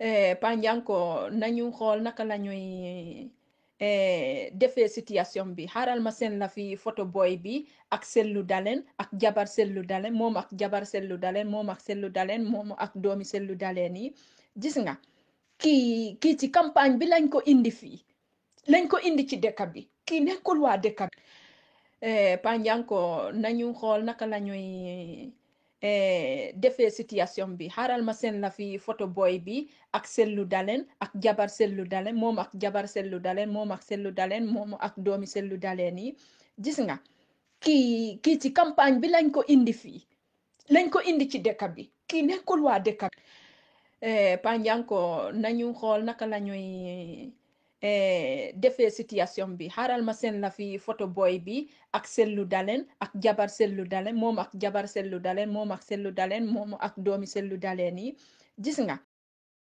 Eh, Panjanko nañu xool naka la eh, defe situation bi xaaral ma seen la fi photo boy bi ak sellu daleen ak jabar sellu dalen moom ak jabar sellu dalen moom ak sellu dalen moom ak doomi sellu dalen yi gis nga kii kii ci campagne bi lañ ko indi fii lañ ko indi ci dëkk bi kii nekkul waa dëkk bi eh, Panjanko nañu xool naka la ñuy Eh, defe situation bi xaaral ma seen la fi photo boy bi ak sellu dalen ak jabar sellu dalen moom ak jabar sellu dalen moom ak sellu dalen moom ak doomi sellu dalen yi gis nga kii kii ci campagne bi lañ ko indi fii lañ ko indi ci dëkk bi kii nekkul waa dëkk bi eh, panjanko nañu xool naka la Eh, defee situation bi xaaral ma seen la fi photo boy bi ak sellu dalen ak jabar sellu dalen moom ak jabar sellu dalen moom ak sellu dalen moom ak doomi sellu dalen yi gis nga